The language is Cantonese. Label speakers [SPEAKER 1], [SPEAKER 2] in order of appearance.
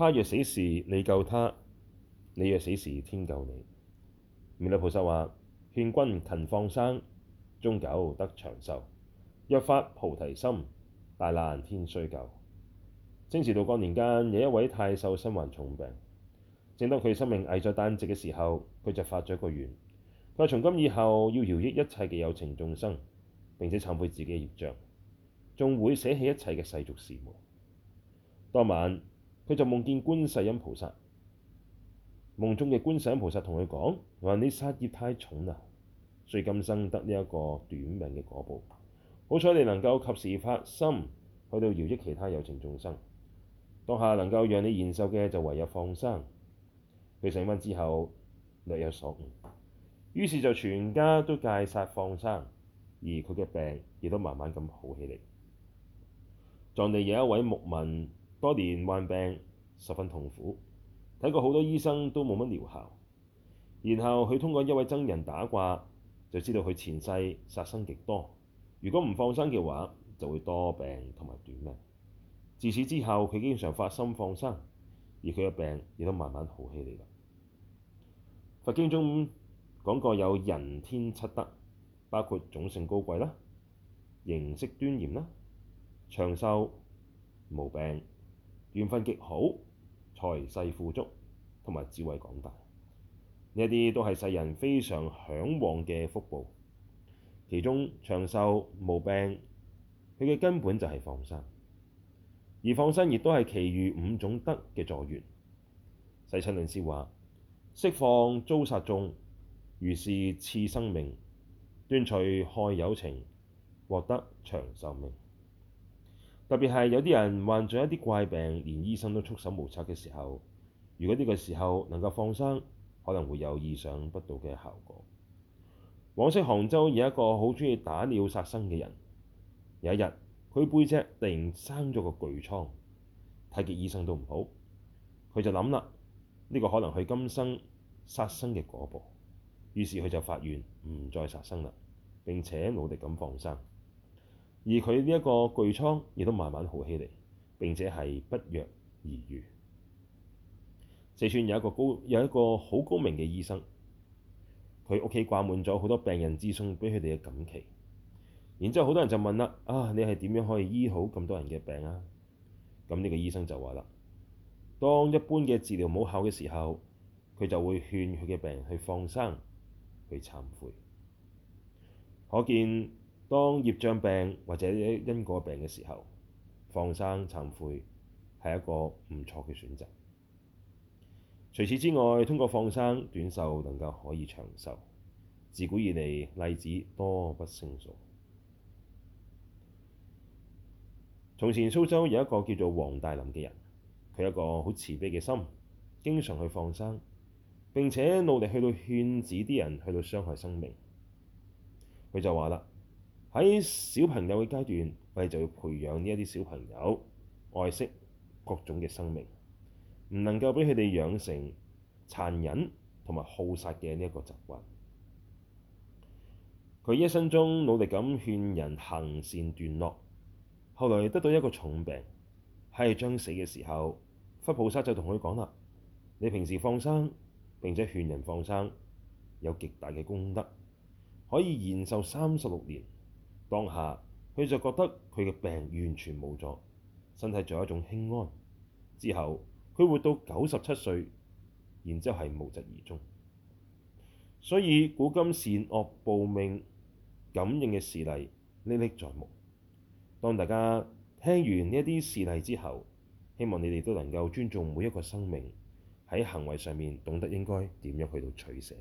[SPEAKER 1] 他若死時，你救他；你若死時，天救你。彌勒菩薩話：勸君勤放生，終久得長壽。若發菩提心，大難天須救。清時道光年間，有一位太守身患重病，正當佢生命危在旦夕嘅時候，佢就發咗一個願。佢話：從今以後要饒益一切嘅有情眾生，並且懺悔自己嘅業障，仲會捨棄一切嘅世俗事務。當晚，佢就夢見觀世音菩薩，夢中嘅觀世音菩薩同佢講：話你殺業太重啦，所以今生得呢一個短命嘅果報。好彩你能夠及時發心去到饒益其他有情眾生，當下能夠讓你延壽嘅就唯有放生。佢醒返之後略有所悟，於是就全家都戒殺放生，而佢嘅病亦都慢慢咁好起嚟。藏地有一位牧民。多年患病十分痛苦，睇過好多醫生都冇乜療效。然後佢通過一位僧人打卦，就知道佢前世殺生極多。如果唔放生嘅話，就會多病同埋短命。自此之後，佢經常發心放生，而佢嘅病亦都慢慢好起嚟。佛經中講過有人天七德，包括種姓高貴啦、形色端嚴啦、長壽無病，緣分極好，財勢富足，同埋智慧廣大，呢一啲都係世人非常嚮往嘅福報。其中長壽無病，佢嘅根本就係放生，而放生亦都係其餘五種德嘅助緣。世親論師話：釋放遭殺眾，如是賜生命，斷除害有情，獲得長壽命。特別係有啲人患咗一啲怪病，連醫生都束手無策嘅時候，如果呢個時候能夠放生，可能會有意想不到嘅效果。往昔杭州有一個好鍾意打鳥殺生嘅人，有一日佢背脊突然生咗個巨瘡，睇極醫生都唔好，佢就諗啦，呢個可能係今生殺生嘅果報，於是佢就發願唔再殺生啦，並且努力咁放生。而佢呢一個巨瘡亦都慢慢好起嚟，並且係不藥而愈。四川有一個高有一個好高明嘅醫生，佢屋企掛滿咗好多病人贈送畀佢哋嘅錦旗。然之後好多人就問啦：啊，你係點樣可以醫好咁多人嘅病啊？咁呢個醫生就話啦：當一般嘅治療冇效嘅時候，佢就會勸佢嘅病人去放生、去懺悔。可見。當業障病或者因果病嘅時候，放生、懺悔係一個唔錯嘅選擇。除此之外，通過放生短壽能夠可以長壽，自古以嚟例子多不勝數。從前蘇州有一個叫做黃大林嘅人，佢有一個好慈悲嘅心，經常去放生，並且努力去到勸止啲人去到傷害生命。佢就話啦～喺小朋友嘅階段，我哋就要培養呢一啲小朋友愛惜各種嘅生命，唔能夠俾佢哋養成殘忍同埋好殺嘅呢一個習慣。佢一生中努力咁勸人行善斷惡，後來得到一個重病，喺佢將死嘅時候，佛菩薩就同佢講啦：你平時放生並且勸人放生有極大嘅功德，可以延壽三十六年。當下佢就覺得佢嘅病完全冇咗，身體仲有一種輕安。之後佢活到九十七歲，然之後係無疾而終。所以古今善惡報命、感應嘅事例歷歷在目。當大家聽完呢啲事例之後，希望你哋都能夠尊重每一個生命，喺行為上面懂得應該點樣去到取捨。